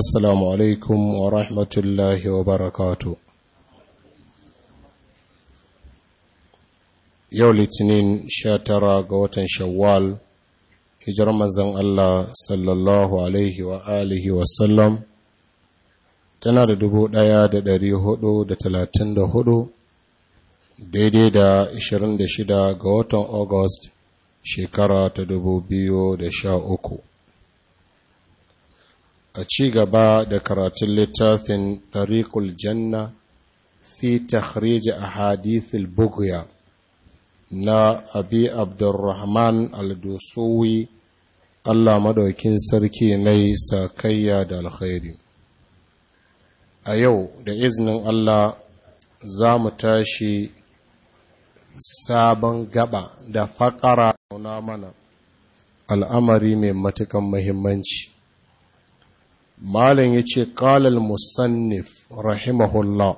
Assalamu alaikum wa rahmatullahi wa barakatu. Yau Litinin sha tara ga watan Shawwal, hijar manzan Allah sallallahu Alaihi wa alihi wasallam, tana da dubu ɗaya da ɗari hudu da talatin da hudu, daidai da ashirin da shida ga watan August shekara ta dubu biyu da sha uku. a ci gaba da karatun littafin tariqul janna fi takhrij ahadith al Bugya na abi abdurrahman al-dusuwi Allah madaukin sarki mai sakayya da alkhairi a yau da iznin Allah za mu tashi sabon gaba da faƙara na mana al'amari mai matukan muhimmanci malam ya ce ƙalal musannif rahimahullah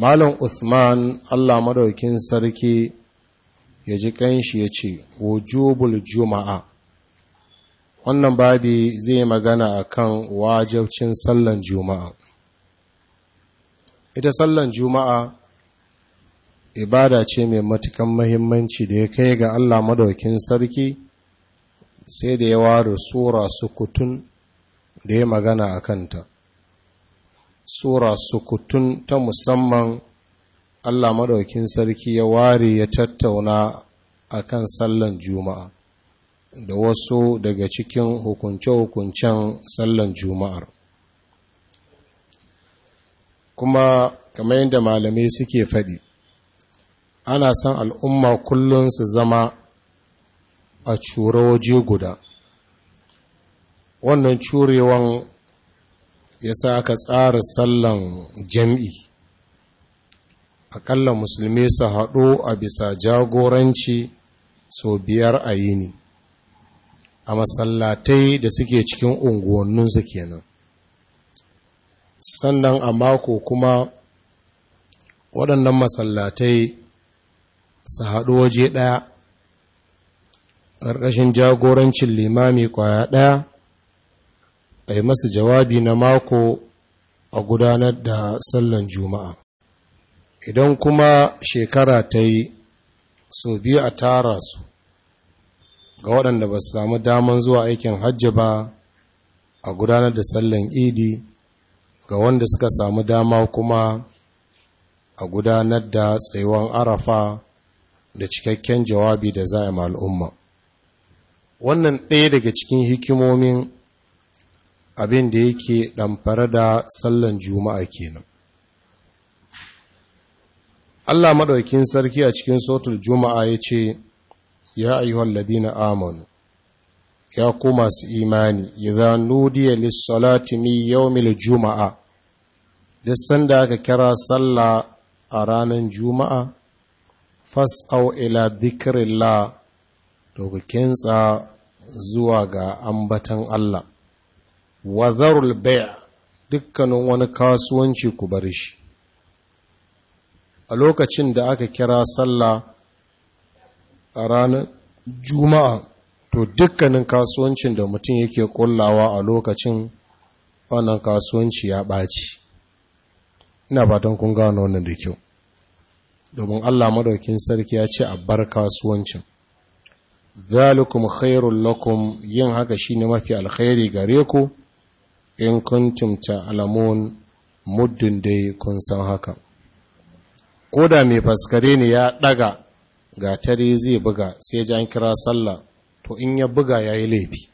malam Usman allah madaukin sarki ya ji ƙanshi ya ce wujubul juma'a wannan babi zai magana a kan wajabcin sallan juma'a ita sallan juma'a ibada ce mai matukan mahimmanci da ya kai ga Allah madaukin sarki sai da ya ware sura sukutun da ya magana a kanta sura sukutun ta musamman allah maɗaukin sarki ya ware ya tattauna a kan sallan juma'a da wasu daga cikin hukunce-hukuncen sallan juma'ar kuma kamar yadda malamai suke faɗi ana son al'umma kullum su zama a cura waje guda wannan curewan ya sa aka tsara sallan jam'i aƙalla musulmi su haɗu a bisa jagoranci sau biyar a yini a masallatai da suke cikin unguwanninsu kenan sannan a mako kuma waɗannan masallatai su haɗu waje ɗaya ƙarƙashin jagorancin limami ƙwaya ɗaya a yi masu jawabi na mako a gudanar da sallan juma'a idan kuma shekara ta yi so biyu a tara su ga waɗanda ba su samu daman zuwa aikin hajji ba a gudanar da sallan idi ga wanda suka samu dama kuma a gudanar da tsayuwan arafa da cikakken jawabi da za a al'umma wannan ɗaya daga cikin hikimomin abin da yake ɗamfara da sallan juma'a kenan Allah maɗaukin sarki a cikin sautar juma'a ya ce ya ayyuhal ladina amanu ya ku su imani idza nudiya lissalati mi yau yawmil juma'a da sanda aka kira sallah a ranar juma'a fas'au ila dhikrillah la ku kinsa zuwa ga ambatan Allah wa zarul dukkanin wani kasuwanci ku bar shi a lokacin da aka kira sallah a ranar juma'a to dukkanin kasuwancin da mutum yake kullawa a lokacin wannan kasuwanci ya ɓaci ina fatan kun gano wannan da kyau domin Allah maɗaukin sarki ya ce a bar kasuwancin zalikum khairul lakum yin haka shine mafi alkhairi gare ku in kun tumta alamun muddin dai kun san haka ko da mai faskare ne ya daga ga tare zai buga sai ji an kira sallah to in ya buga ya yi laifi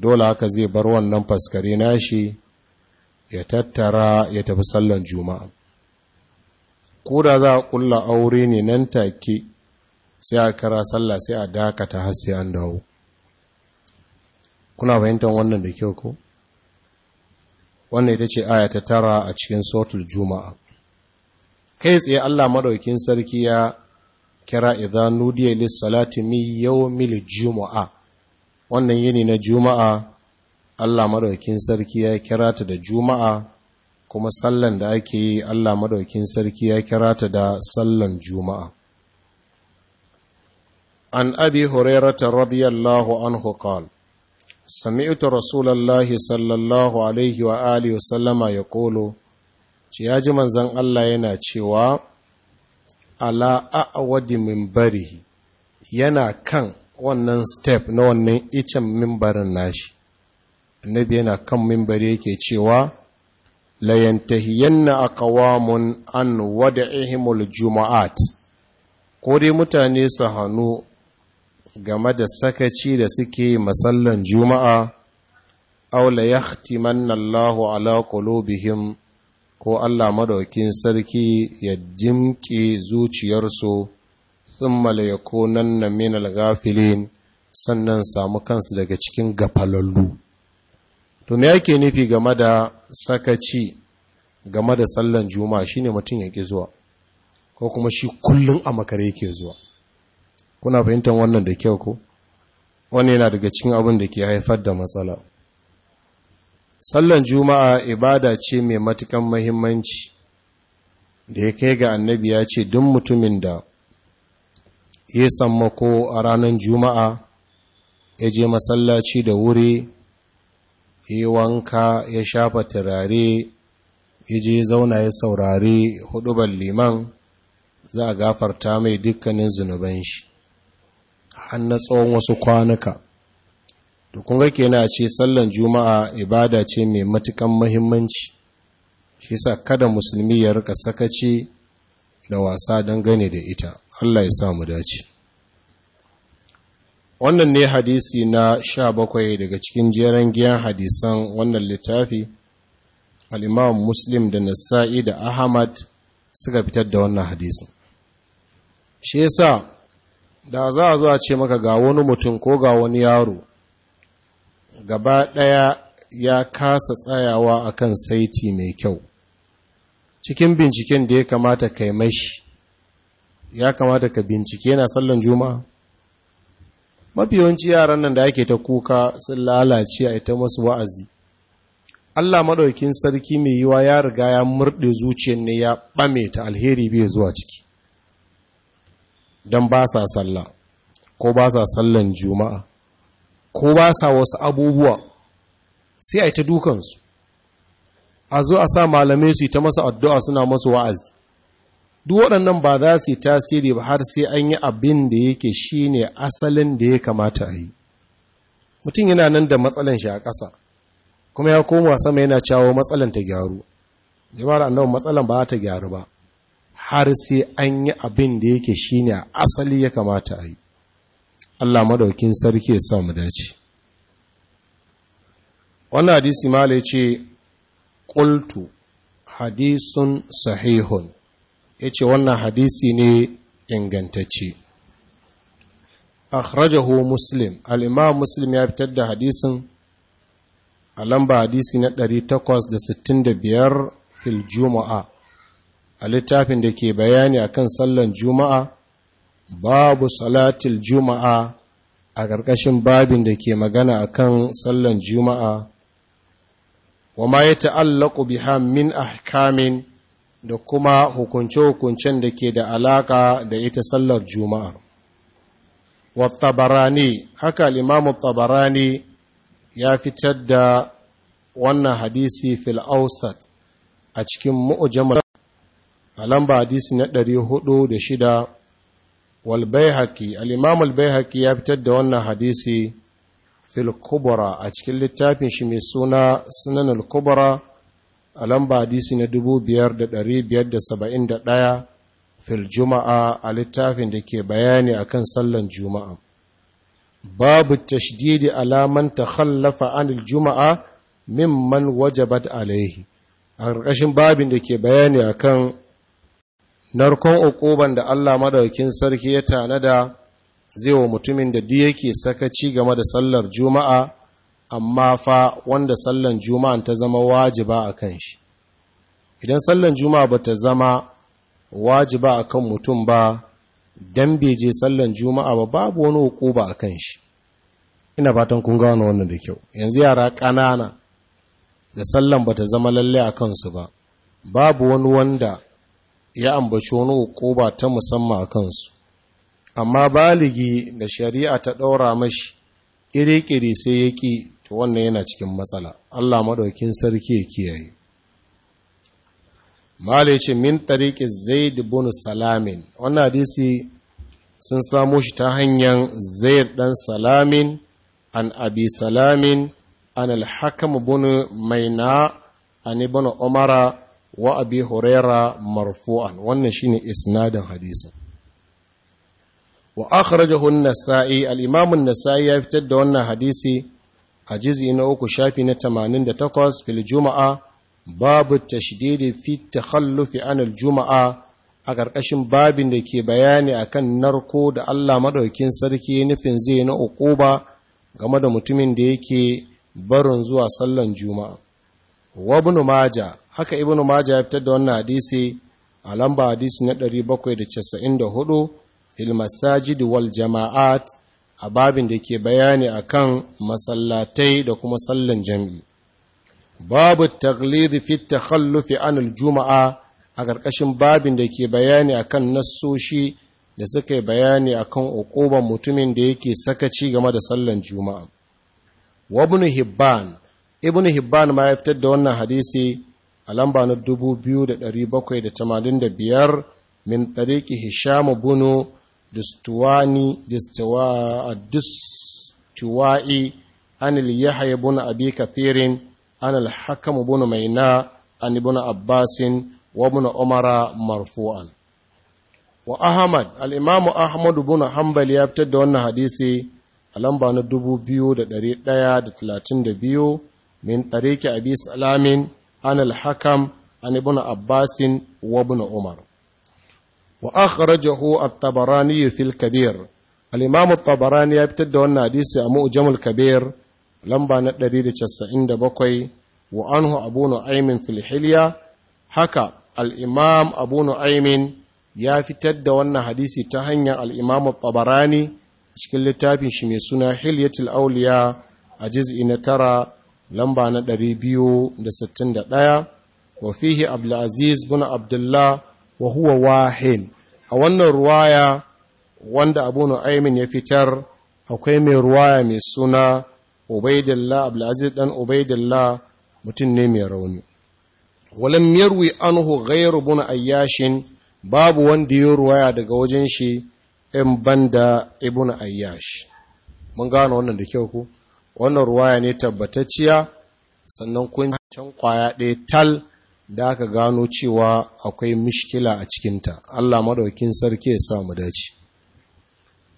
dole haka zai bar wannan faskare nashi ya tattara ya tafi sallan juma'a ko da za a kulla aure ne nan take sai a kira sallah sai a dakata har sai an dawo kuna fahimtar wannan da kyau ko wannan ita ce aya ta tara a cikin sautul juma'a kai tsaye Allah maɗaukin sarki ya kira idan nudiya lissalati mi mil juma'a wannan yini na juma'a Allah madaukin sarki ya kira ta da juma'a kuma sallan da ake yi Allah maɗaukin sarki ya kira ta da sallan juma'a an abi hurairata radiyallahu anhu qala sami'tu rasulallahi sallallahu alaihi wa alihi sallama ya kolo ci ya ji manzan Allah yana cewa ala a'wadi minbarihi yana kan wannan step na wannan icen mimbarin nashi annabi yana kan mimbari yake cewa layantahiyanna yantahiyanna aqwamun an wada'ihimul juma'at, ko dai mutane su hannu game da sakaci da suke masallan juma'a aula ya Allahu ala qulubihim ko Allah madaukin sarki ya jimke zuciyarsu thumma ya yakunanna na al sannan samu kansu daga cikin gafalallu to ya yake nufi game da sakaci game da sallan juma'a shine mutum ya ƙi zuwa ko kuma shi kullum a makare yake zuwa kuna fahimtar wannan da kyau ko wani yana daga cikin abin da ke haifar da matsala sallan juma'a ibada ce mai matukan mahimmanci da ya kai ga annabi ya ce duk mutumin da ya ko a ranar juma'a ya je masallaci da wuri ya wanka ya shafa turare ya je zauna ya saurari hudubar liman za a gafarta mai dukkanin zunuban shi har na tsawon wasu kwanuka to kun ga kenan ce sallan juma'a ibada ce mai matukan muhimmanci shi sa kada musulmi ya rika sakaci da wasa dangane da ita Allah ya sa mu dace wannan ne hadisi na sha bakwai daga cikin jeren giyan hadisan wannan littafi al'imam muslim da nasa'i da ahmad suka fitar da wannan hadisin shi yasa da za a zuwa ce maka ga wani mutum ko ga wani yaro gaba ɗaya ya kasa tsayawa akan saiti mai kyau cikin binciken da ya kamata ka yi mashi ya kamata ka bincike na sallan juma'a yawanci yaran nan da ake ta kuka sun lalace a ita masu wa'azi Allah maɗaukin sarki mai yiwa ya riga ya murɗe zuciyar ne ya ɓame ta alheri bai zuwa ciki don ba sa sallah ko ba sa sallan juma'a ko ba sa wasu abubuwa sai a yi ta dukansu a zo a sa malamai su yi ta masa addu'a suna masu wa'azi duk waɗannan ba za su yi tasiri ba har sai an yi abin da yake shi ne asalin da ya kamata a yi mutum yana nan da matsalan shi a ƙasa kuma ya koma sama yana cawo matsalan ta gyaru jama'ar annabi matsalan ba ta gyaru ba har sai an yi abin da yake ne a asali ya kamata a yi Allah madaukin sarki ya sa mu dace wannan hadisi mala ya ce ƙultu hadisun sahihun ya ce wannan hadisi ne ingantacce akhrajahu muslim al'imam muslim ya fitar da hadisin a lamba hadisi na 865 fil juma'a a littafin da ke bayani a kan sallan juma'a babu salatil juma'a a ƙarƙashin babin da ke magana a kan sallan juma'a wa ma ya ta'allaku min ahkamin da kuma hukunce-hukuncen da ke da alaƙa da ita sallar juma'a. Wa tabarani, haka limamu tabarani ya fitar da wannan hadisi fil a cikin mu'ujamar a lamba hadisi na ɗari hudu da shida walbaihaki al'imam albaihaki ya fitar da wannan hadisi filkubara a cikin littafin shi mai suna sunan alkubara a lamba hadisi na dubu biyar da ɗari biyar da saba'in da ɗaya filjuma'a a littafin da ke bayani akan sallan juma'a babu tashdidi alaman ta khallafa anil juma'a mimman wajabat alaihi a ƙarƙashin babin da ke bayani akan narkon uquban da Allah madaukin sarki ya tanada zai wa mutumin da duk yake sakaci game da sallar juma'a amma fa wanda sallan juma'a ta zama wajiba a shi idan sallar juma'a ba ta zama wajiba akan mutum ba bai je sallar juma'a ba babu wani hukuba a kan shi ina fatan kun gano wannan da kyau yanzu yara ƙanana da sallar ba ta zama lalle a kansu ba babu wani wanda ya ambaci wani hukuba ta musamman a kansu amma baligi da shari'a ta ɗaura mashi ƙiriƙiri sai ya ƙi ta wannan yana cikin matsala Allah maɗaukin sarki ya kiyaye Mala ce min tariki Zaid bin Salamin wannan hadisi sun samo shi ta hanyar Zaid ɗan Salamin an Abi Salamin an al bin Maina an ibn Umara wa abi huraira marfu'an wannan shine isnadin hadisin wa akhrajahu an-nasa'i al-imam an-nasa'i ya fitar da wannan hadisi a juz'i na uku shafi na 88 fil juma'a babu tashdidi fi takhallufi an al-juma'a a ƙarƙashin babin da ke bayani akan narko da Allah madaukin sarki nufin zai na uquba game da mutumin da yake barin zuwa sallan juma'a wa ibn majah haka ibnu majah ya fitar da wannan hadisi a lamba hadisi na bakwai da casa'in 794 fil masajid wal jama'at a babin da ke bayani akan masallatai da kuma sallan jami'i babu taglidi fi takhallufi an juma'a a ƙarƙashin babin da ke bayani akan nassoshi da suka yi bayani akan ukuban mutumin da yake sakaci game da sallan juma'a wa ibnu hibban ibn hibban ma ya fitar da wannan hadisi a lamba na 2785 min tariki hishamu bunu distuwai an yahya ibn abi kathirin an al buna maina an ibn abbasin wa buna umara marfu'an wa ahmad al-imam ahmad ibn hanbal ya fitar da wannan hadisi a lamba na 2132 min tariki abi salamin عن الحكم عن ابن عباس وابن عمر وأخرجه الطبراني في الكبير الإمام الطبراني يبتد أن حديث مؤجم الكبير لما ندريد تسعين بقي وأنه أبو نعيم في الحلية حكى الإمام أبو نعيم ya fitar da wannan hadisi ta hanyar al'imamu tabarani cikin littafin shi mai suna hilyatul auliya a jiz'i na tara lamba na ɗari biyu da 261 wa fihi abdulaziz bin abdullah wa huwa wahin a wannan ruwaya wanda abu nu'aymin ya fitar akwai mai ruwaya mai suna ubaidillah abdulaziz dan ubaidillah mutum ne mai rauni walam yarwi anhu ghayru bin ayyashin babu wanda ya ruwaya daga wajen shi in banda ibn ayyashi. mun gano wannan da kyau ko wannan ruwa ya ne tabbatacciya sannan kun can kwaya ɗaya tal da aka gano cewa akwai mishkila a cikinta Allah madaukin sarki ya samu dace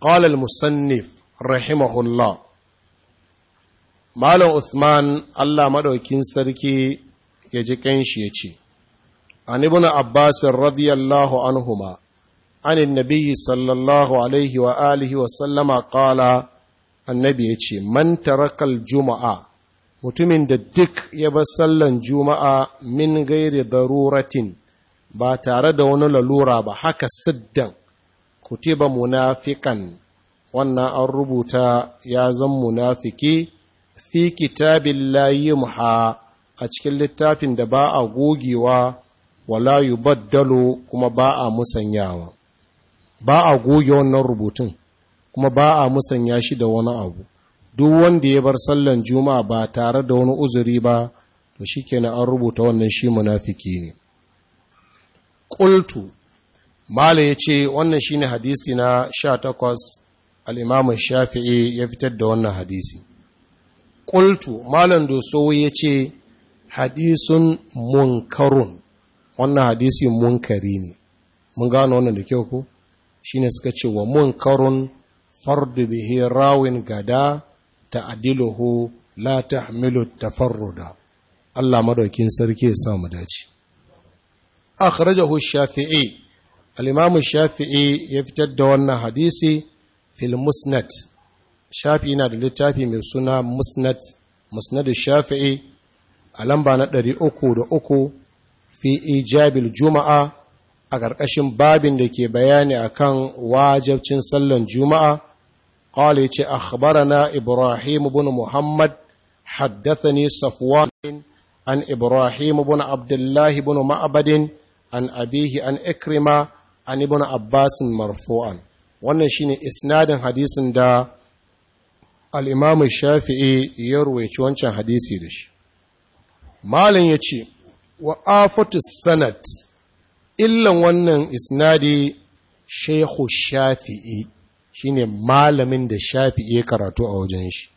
qala al-musannif rahimahullah malam usman Allah madaukin sarki ya ji ƙanshi ya ce an ibn abbas radiyallahu anhuma an annabi sallallahu alaihi wa alihi wa sallama qala annabi ya ce man tarakal juma'a mutumin da duk ya bar sallan juma'a min gairi daruratin ba tare da wani lalura ba haka siddan kutiba munafikan wannan an rubuta ya zan munafiki fi kitabin muha a cikin littafin da ba a gogewa wala baddalo kuma ba a musanyawa ba a goge wannan rubutun kuma ba a musanya shi da wani abu duk wanda ya bar sallan juma'a ba tare da wani uzuri ba to shikenan an rubuta wannan shi munafiki ne qultu mala yace wannan shine hadisi na 18 al-imam shafi'i ya fitar da wannan hadisi qultu malan doso yace hadisun munkarun wannan hadisi munkari ne mun gano wannan da kyau ko shine suka ce wa munkarun fardu bihi rawin gada ta'diluhu la tahmilu tafarruda Allah madaukin sarki ya sa mu dace akhrajahu shafi'i al shafi'i ya fitar da wannan hadisi fil musnad na da littafi mai suna musnad musnad shafi'i a lamba na ɗari uku da uku, fi ijabil juma'a a ƙarƙashin babin da ke bayani akan wajabcin sallar juma'a قال يتي أخبرنا إبراهيم بن محمد حدثني صفوان عن إبراهيم بن عبد الله بن معبد عن أبيه عن إكرمة عن ابن عباس مرفوعا wannan shine isnadin hadisin da al'imamu shafi'i ya ruwaici wancan hadisi da shi malin ya ce wa afatu sanat illan wannan isnadi shaihu shafi'i shine malamin da shafi iya karatu a wajen shi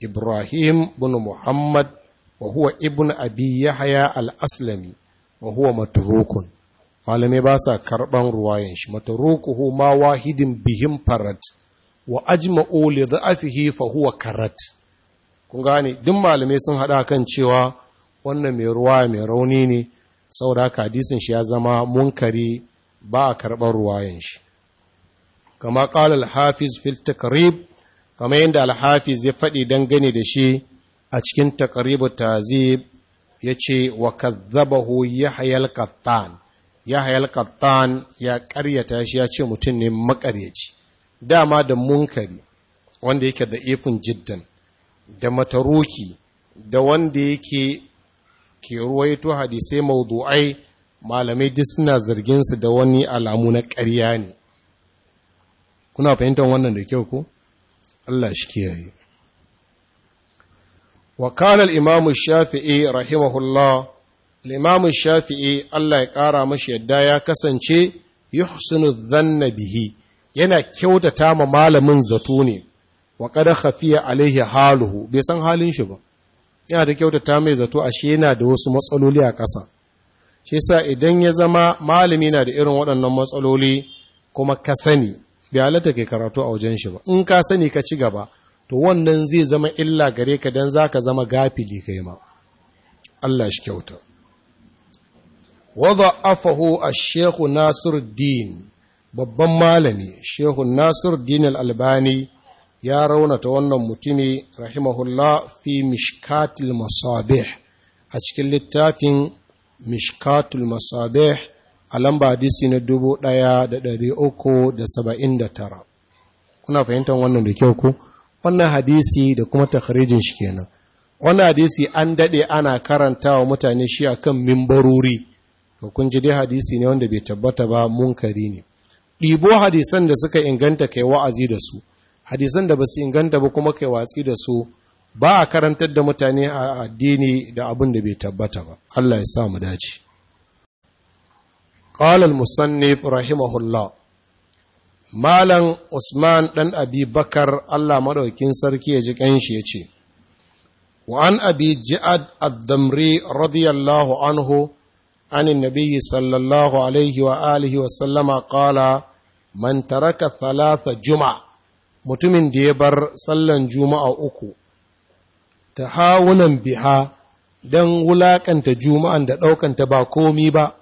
ibrahim bin muhammad wa huwa ibn abi yahya al-aslami wa huwa matrukun malamai ba sa karban ruwayan shi matrukuhu ma wahidin bihim farat wa ajma'u li dha'fihi fa huwa karat kun gane duk malamai sun hada kan cewa wannan mai ruwa mai rauni ne saboda hadisin shi ya zama munkari ba a karban ruwayan shi kama ƙala alhafiz hafiz fil takarib kama yadda alhafiz ya faɗi dangane da shi a cikin taqrib tazib yace wa kadzabahu ya qattan ya qattan ya ƙaryata shi ya ce mutum ne makaryaci dama da munkari wanda yake da ifin jiddan da mataruki da wanda yake ke ruwaito hadisai maudu'ai malamai duk suna zargin su da wani alamu na ƙarya ne kuna fahimtar wannan da kyau ko Allah shi kiyaye wa kana al-imam shafi'i rahimahullah al-imam shafi'i Allah ya kara mashi yadda ya kasance yuhsinu dhanna bihi yana kyautata ma malamin zato ne wa qad khafiya alaihi haluhu bai san halin shi ba yana da kyautata mai zato ashe yana da wasu matsaloli a ƙasa shi sa idan ya zama malami na da irin waɗannan matsaloli kuma ka sani bi halatta kai karatu a wajen shi ba in ka sani ka ci gaba to wannan zai zama illa gare ka dan zaka zama gafili kai ma Allah shi kyauta Afahu ash-shaykh Nasiruddin babban malami Sheikh Nasiruddin Al-Albani ya raunata wannan mutumi rahimahullah fi mishkatil masabih a cikin littafin mishkatul masabih a lamba hadisi na dubu da da da uku saba'in tara. kuna fahimtar wannan da kyau ku wannan hadisi da kuma takharijin shi kenan wannan hadisi an daɗe ana karanta wa mutane shi kan mimbarori to kun ji dai hadisi ne wanda bai tabbata ba munkari ne ɗibo hadisan da suka inganta kai wa'azi da su hadisan da ba su inganta ba kuma kai watsi da su ba a karantar da mutane a addini da abin da bai tabbata ba Allah ya sa mu dace قال المصنف رحمه الله مالن عثمان دان ابي بكر الله مدوكين سركي يجي كانشي يجي وعن ابي جعد الدمري رضي الله عنه عن النبي صلى الله عليه واله وسلم قال من ترك ثلاث جمع mutumin da ya bar sallan juma'a uku ta hawunan biha don wulaƙanta juma'an da ɗaukanta ba komi ba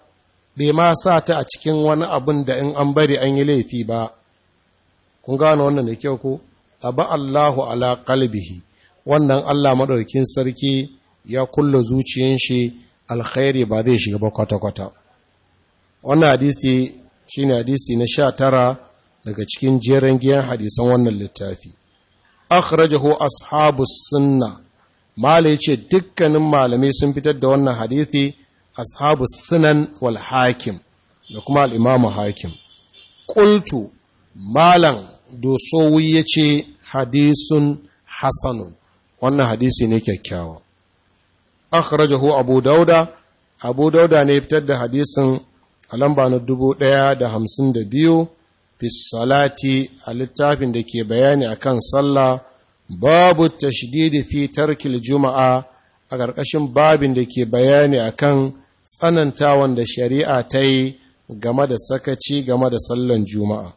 bai ma sa ta a cikin wani abin da in an bari an yi laifi ba kun gano wannan da kyau ko aba Allahu ala kalbihi, wannan Allah maɗaukin sarki ya kulla zuciyen shi alkhairi ba zai shiga ba kwata kwata wannan hadisi shine hadisi na sha tara daga cikin jeren giyan hadisan wannan littafi akhrajahu ashabu sunna mala yace dukkanin malamai sun fitar da wannan hadisi ashabu sunan wal hakim da kuma al'imamu hakim ƙultu malam dosowi ya ce hadisun hasanun wannan hadisi ne kyakkyawa akhrajahu abu dauda abu dauda ne fitar da hadisin a lamba na biyu fi a littafin da ke bayani akan sallah babu tashdidi fi tarkil juma'a a ƙarƙashin babin da ke bayani akan Tsananta wanda shari'a ta yi game da sakaci game da sallan juma'a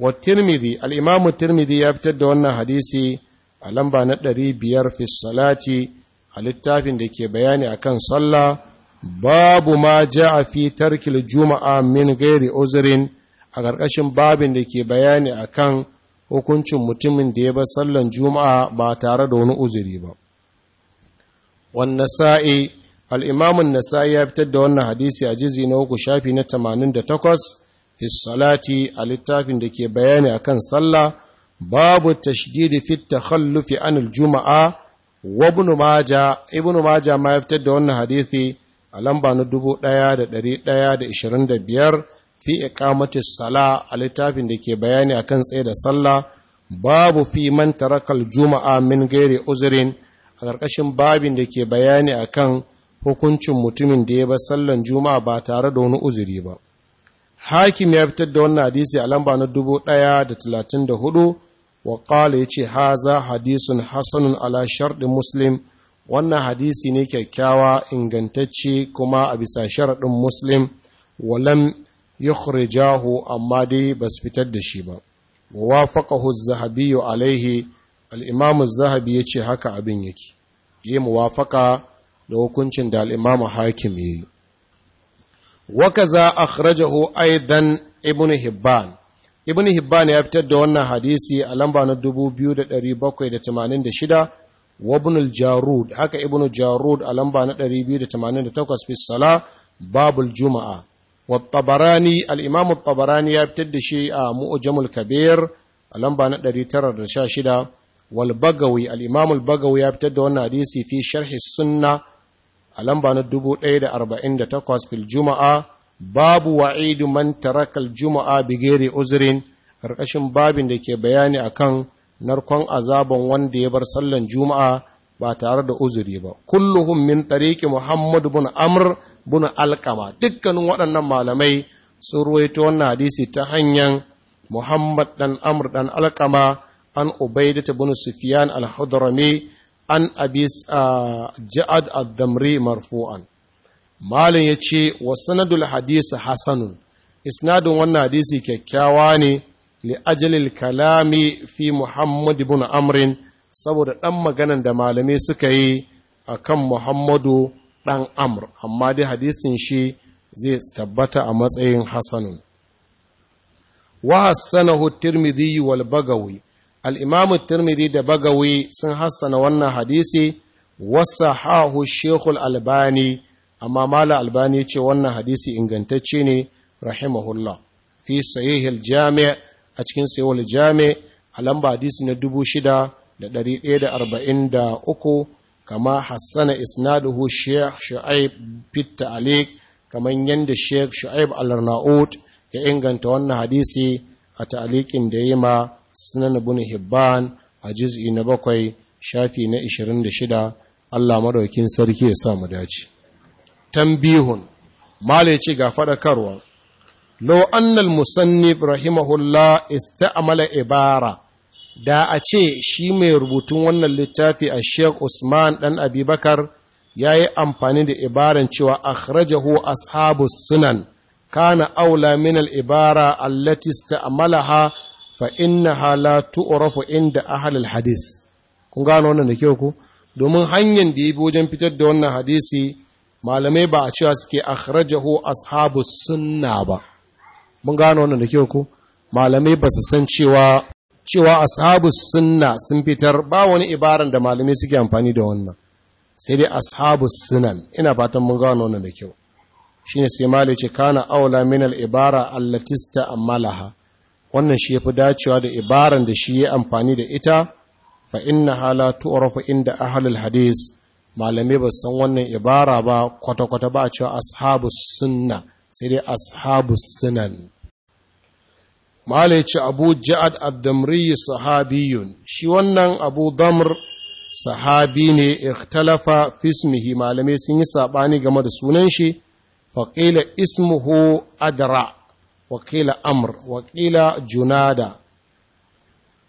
wa tirmidhi al-imamu tirmidhi ya fitar da wannan hadisi a lamba na ɗari biyar salati a littafin da ke bayani akan sallah babu ma a fi tarkil juma'a min gairi uzurin, a ƙarƙashin babin da ke bayani a kan hukuncin mutumin da ya bar sallan juma'a ba tare da wani uzuri ba wannan sa'i al'imamun nasa ya fitar da wannan hadisi a jizi na uku shafi na 88 fi salati a littafin da ke bayani a kan sallah babu tashdidi fi takhallufi anil juma'a wa ibn maja ma ya fitar da wannan hadisi a lamba na 1125 fi iqamati sala a littafin da ke bayani a kan tsaye da sallah babu fi man tarakal juma'a min gairi uzirin, a ƙarƙashin babin da ke bayani a kan hukuncin mutumin da ya bar sallan juma'a ba tare da wani uzuri ba hakim ya fitar da wannan hadisi a lamba na 1134 wa qala yace haza hadisun hasanun ala sharɗin muslim wannan hadisi ne kyakkyawa ingantacce kuma a bisa sharaɗin muslim walam yukhrijahu amma dai ba su fitar da shi ba wafaqahu az-zahabi alaihi al-imam az-zahabi yace haka abin yake yi muwafaqa da hukuncin da al'imamu hakim ya yi wakaza akhrajahu aidan ibn hibban ibn hibban ya fitar da wannan hadisi a lamba na 2786 wa jarud haka ibn jarud a lamba na 288 fi babul juma'a wa tabarani tabarani ya fitar da shi a mu'jamul kabir a lamba na 916 wal bagawi al-imam al-bagawi ya fitar da wannan hadisi fi sharhi sunna. a lamba na dubu ɗaya da arba'in da fil juma'a babu wa'idu man tarakal juma'a bigeri uzrin karkashin babin da ke bayani akan narkon azaban wanda ya bar sallan juma'a ba tare da uzuri ba kulluhum min tariqi muhammad bin amr bin alqama dukkanin waɗannan malamai sun ruwaito wannan hadisi ta hanyar muhammad dan amr dan alqama an ubaidata bin sufyan al hudrami an abi ja'ad ad-damri marfu'an malam ya ce wa sanadul hadisi hasanun isnadin wannan hadisi kyakkyawa ne li ajalil kalami fi Muhammadu ibn amrin saboda ɗan maganan da malami suka yi a kan muhammadu ɗan amr amma dai hadisin shi zai tabbata a matsayin hasanun wa hasanahu tirmidhi wal al'imamu tirmidhi da bagawi sun hassana wannan hadisi wasa hahu shekul albani amma mala albani ce wannan hadisi ingantacce ne rahimahullah fi sahihil jami' a cikin sahihul jami' a lamba hadisi na 6143 kama hassana isnaduhu sheikh shu'aib fit ta'liq kaman yanda sheikh shu'aib al ya inganta wannan hadisi a ta'alikin da yayi ma sunan ibn hibban a juz'i na bakwai shafi na 26 Allah madaukin sarki ya sa mu dace tambihun mala ga fadakarwa law anna al-musannif rahimahullah ista'mala ibara da a ce shi mai rubutun wannan littafi a Sheikh Usman dan Abubakar yayi amfani da ibaran cewa akhrajahu ashabu sunan kana aula min al-ibara allati ista'malaha fa inna hala tu'rafu inda ahlul hadis kun gano wannan da kyau ku domin hanyar da yabi wajen fitar da wannan hadisi malamai ba a cewa suke akhrajahu ashabu sunna ba mun gano wannan da kyau ku malamai ba su san cewa cewa ashabu sunna sun fitar ba wani ibaran da malamai suke amfani da wannan sai dai ashabu sunan ina fatan mun gano wannan da kyau shine sai malai ce kana aula min al ibara allati Malaha? wannan shi ya fi dacewa da ibaran da shi ya amfani da ita fa inna hala tu'rafu inda ahlul hadis malamai ba san wannan ibara ba kwata-kwata ba a cewa ashabus sunna sai dai ashabus sunan malai ce abu ja'ad ad-damri sahabiyun shi wannan abu damr sahabi ne ikhtalafa fismihi malamai sun yi sabani game da sunan shi faƙila ismuhu adra wakila amr wakila junada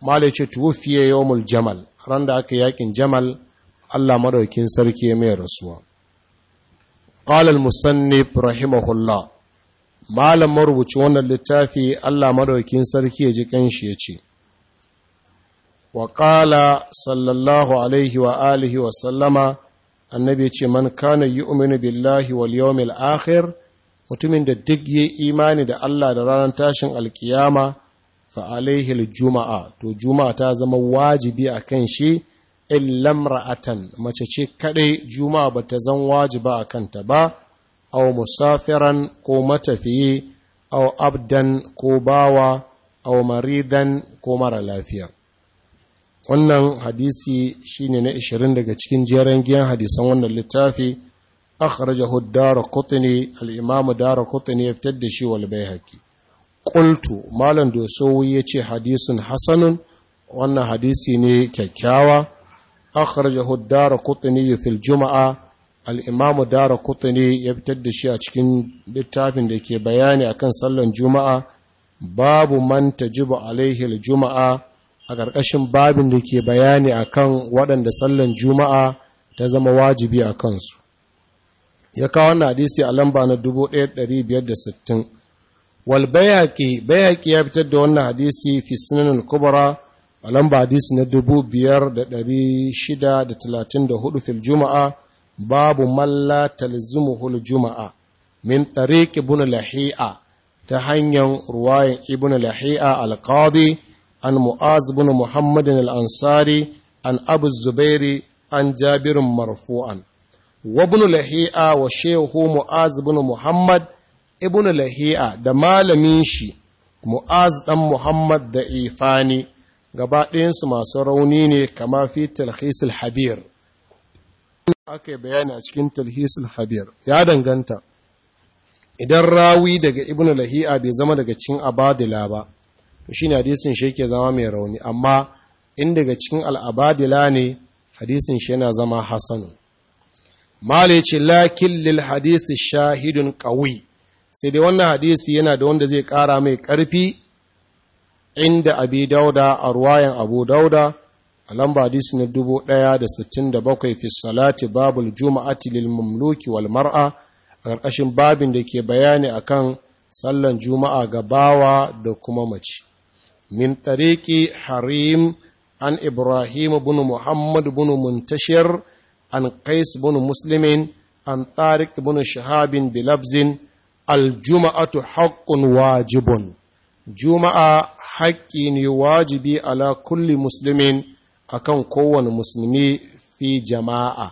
malai ce tuwufiye yawmul jamal ran da aka yaƙin jamal Allah madaukin sarki mai rasuwa qala al musannif rahimahullah malam marubuci wannan littafi Allah madaukin sarki ya ji kanshi ya ce wa sallallahu alaihi wa alihi wa sallama annabi ya ce man kana yu'minu billahi wal yawmil akhir mutumin da duk yi imani da Allah da ranar tashin alkiyama fa alaihil juma'a to juma'a ta zama wajibi a kan shi illam ra'atan mace ce kadai juma'a ba ta zan wajiba a kanta ba aw musafiran ko matafiye aw abdan ko bawa aw maridan ko mara lafiya wannan hadisi shine na 20 daga cikin jeren giyan hadisan wannan littafi akhrajahu ad-darqutni al-imam ad-darqutni ya fitar da shi wal baihaqi qultu malam dosowi yace hadisin hasanun wannan hadisi ne kyakkyawa akhrajahu ad-darqutni fil juma'a al-imam ad-darqutni ya fitar da shi a cikin littafin da ke bayani akan Sallar juma'a babu manta tajibu alaihi jumaa a ƙarƙashin babin da ke bayani akan waɗanda Sallar juma'a ta zama wajibi a kansu ya kawo wannan hadisi a lamba na 1560 wal bayhaqi bayhaqi ya fitar da wannan hadisi fi sunan al a lamba hadisi na 5634 fil juma'a babu malla talzumuhu jumaa min tariq ibn lahi'a ta hanyar ruwayan ibn lahi'a al-qadi an mu'az ibn muhammadin al-ansari an abu zubairi an jabirin marfu'an wa ibn lahi'a wa shehu mu'az ibn muhammad ibn lahi'a da malamin shi mu'az dan muhammad da ifani gaba ɗayansu masu rauni ne kama fi talhisul habir aka yi bayani a cikin talhisul habir ya danganta idan rawi daga ibn lahi'a bai zama daga cikin abadila ba to shine hadisin shi yake zama mai rauni amma in daga cikin al'abadila ne hadisin shi yana zama hasanu mala ce lakin lil hadisi shahidun ƙawi sai dai wannan hadisi yana da wanda zai ƙara mai ƙarfi inda abi dauda a ruwayan abu dauda a lamba hadisi na da fi salati babul juma'ati lil mamluki wal mar'a a ƙarƙashin babin da ke bayani akan sallan juma'a ga bawa da kuma mace min tariki harim an ibrahim bin muhammad bin muntashir an kays bunu muslimin an tarik bunu shahabin bilabsin aljuma'atu haqqun wajibun juma'a haqqi ni wajibi ala kulli muslimin akan kowane muslimi fi jama'a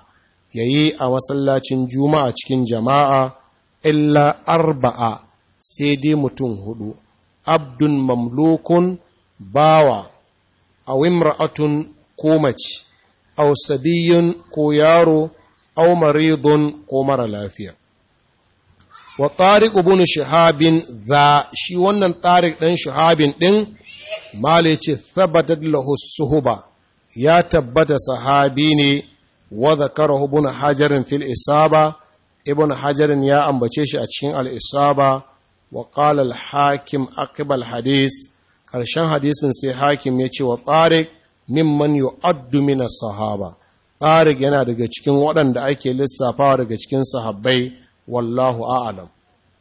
yayi a masallacin juma'a cikin jama'a illa arba'a sai dai mutum hudu abdun mamlukun bawa awimra'atun komace aw ko yaro aw maridun ko mara lafiya wa tariq ibn shahabin za shi wannan tariq ɗan shahabin ɗin mala yace thabatat lahu suhuba ya tabbata sahabi ne wa zakarahu ibn hajarin fil isaba ibn hajarin ya ambace shi a cikin al isaba wa qala al hakim aqbal hadis karshen hadisin sai hakim ya ce wa tariq mimman yi addu mina sahaba tariq yana daga cikin waɗanda ake lissafawa daga cikin sahabbai wallahu a'lam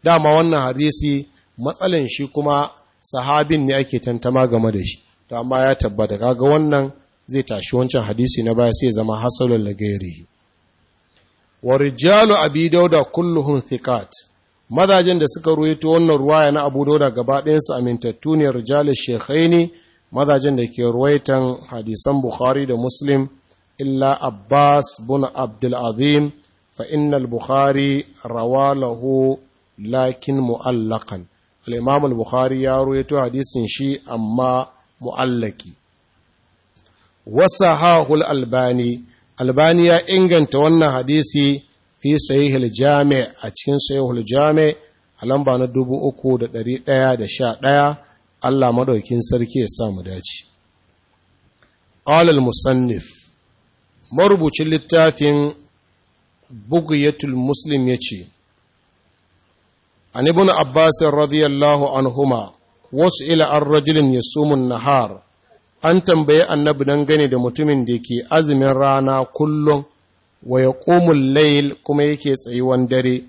dama wannan hadisi matsalan shi kuma sahabin ne ake tantama game da shi ta amma ya tabbata kaga wannan zai tashi wancan hadisi na baya sai zama hasalul lagairihi wa rijalu abi dauda kulluhum thiqat mazajen da suka ruwaito wannan ruwaya na abu dauda gaba ɗayan su amintattu ne rijalul ne. mazajen da ke ruwaitan hadisan bukhari da muslim illa abbas bin abdulazim fa innal bukhari rawa lahu lakin mu'allakan al'imam al-bukhari ya ruwaito hadisin shi amma mu'allaki wasahahul albani albani ya inganta wannan hadisi fi sahihul jami a cikin sahihul jami a lamba na 3111 Allah maɗaukin sarki ya sa mu dace qala al-musannif marubucin littafin Bugiyatul muslim yace an ibn abbas radiyallahu anhuma wasu ila an rajulin yasumun nahar an tambaye annabi dan gane da mutumin da ke azumin rana kullum wa ya layl kuma yake tsayuwan dare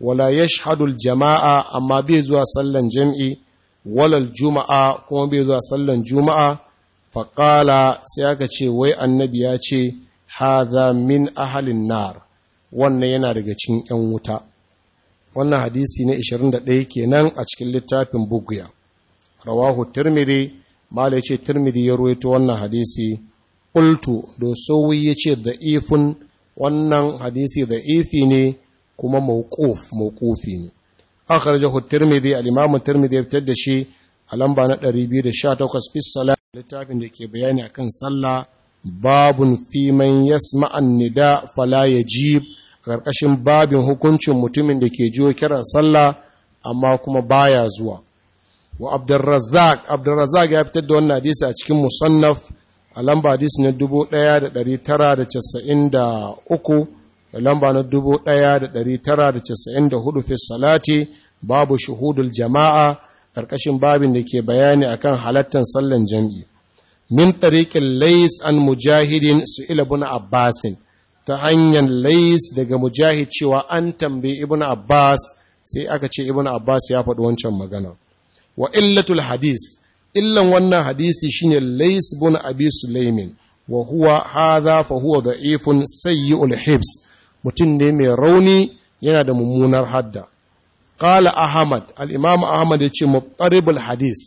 wala yashhadul jama'a amma bai zuwa sallan jam'i walal juma'a kuma bai zuwa sallan juma'a faƙala sai aka ce wai annabi ya ce haza min ahalin nar wannan yana daga cikin 'yan wuta wannan hadisi na 21 kenan a cikin littafin buguya rawahu da ya ce, turmiri ya ruwaito wannan hadisi qultu do ce yace ifin. wannan hadisi da'ifi ne kuma mawquf ne akhrajahu at-tirmidhi al-imam at-tirmidhi ya fitar da shi a lamba na 218 fi salat littafin da ke bayani akan sallah babun fi man yasma an-nida fala yajib karkashin babin hukuncin mutumin da ke jiwo kiran sallah amma kuma baya zuwa wa abdurrazzaq ya fitar da wannan hadisi a cikin musannaf a lamba hadisi na uku. dubu ɗaya da ɗari tara da casa'in da fi salati babu shuhudul jama'a ƙarƙashin babin da ke bayani akan halartar sallan jam'i min tariqin lais an mujahidin su ila buna abbasin ta hanyar lais daga mujahid cewa an tambayi ibn abbas sai aka ce ibn abbas ya faɗi wancan magana wa illatul hadis illan wannan hadisi shine lais ibn abi sulaimin wa huwa hadha fa huwa da'ifun sayyi'ul hibs mutum ne mai rauni yana da mummunar hadda qala ahmad al-imam ahmad yace muqtaribul hadis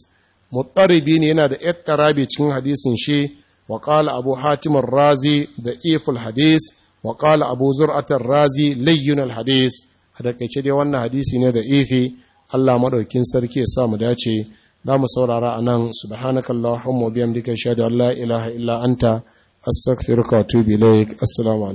muqtaribi ne yana da ittirabi cikin hadisin shi wa abu hatimar razi da iful hadis wa qala abu zur'atar razi layyun hadis hadis hadakaice dai wannan hadisi ne da ifi Allah maɗaukin sarki ya sa mu dace da mu saurara a nan wa bihamdika ashhadu la ilaha illa anta astaghfiruka wa atubu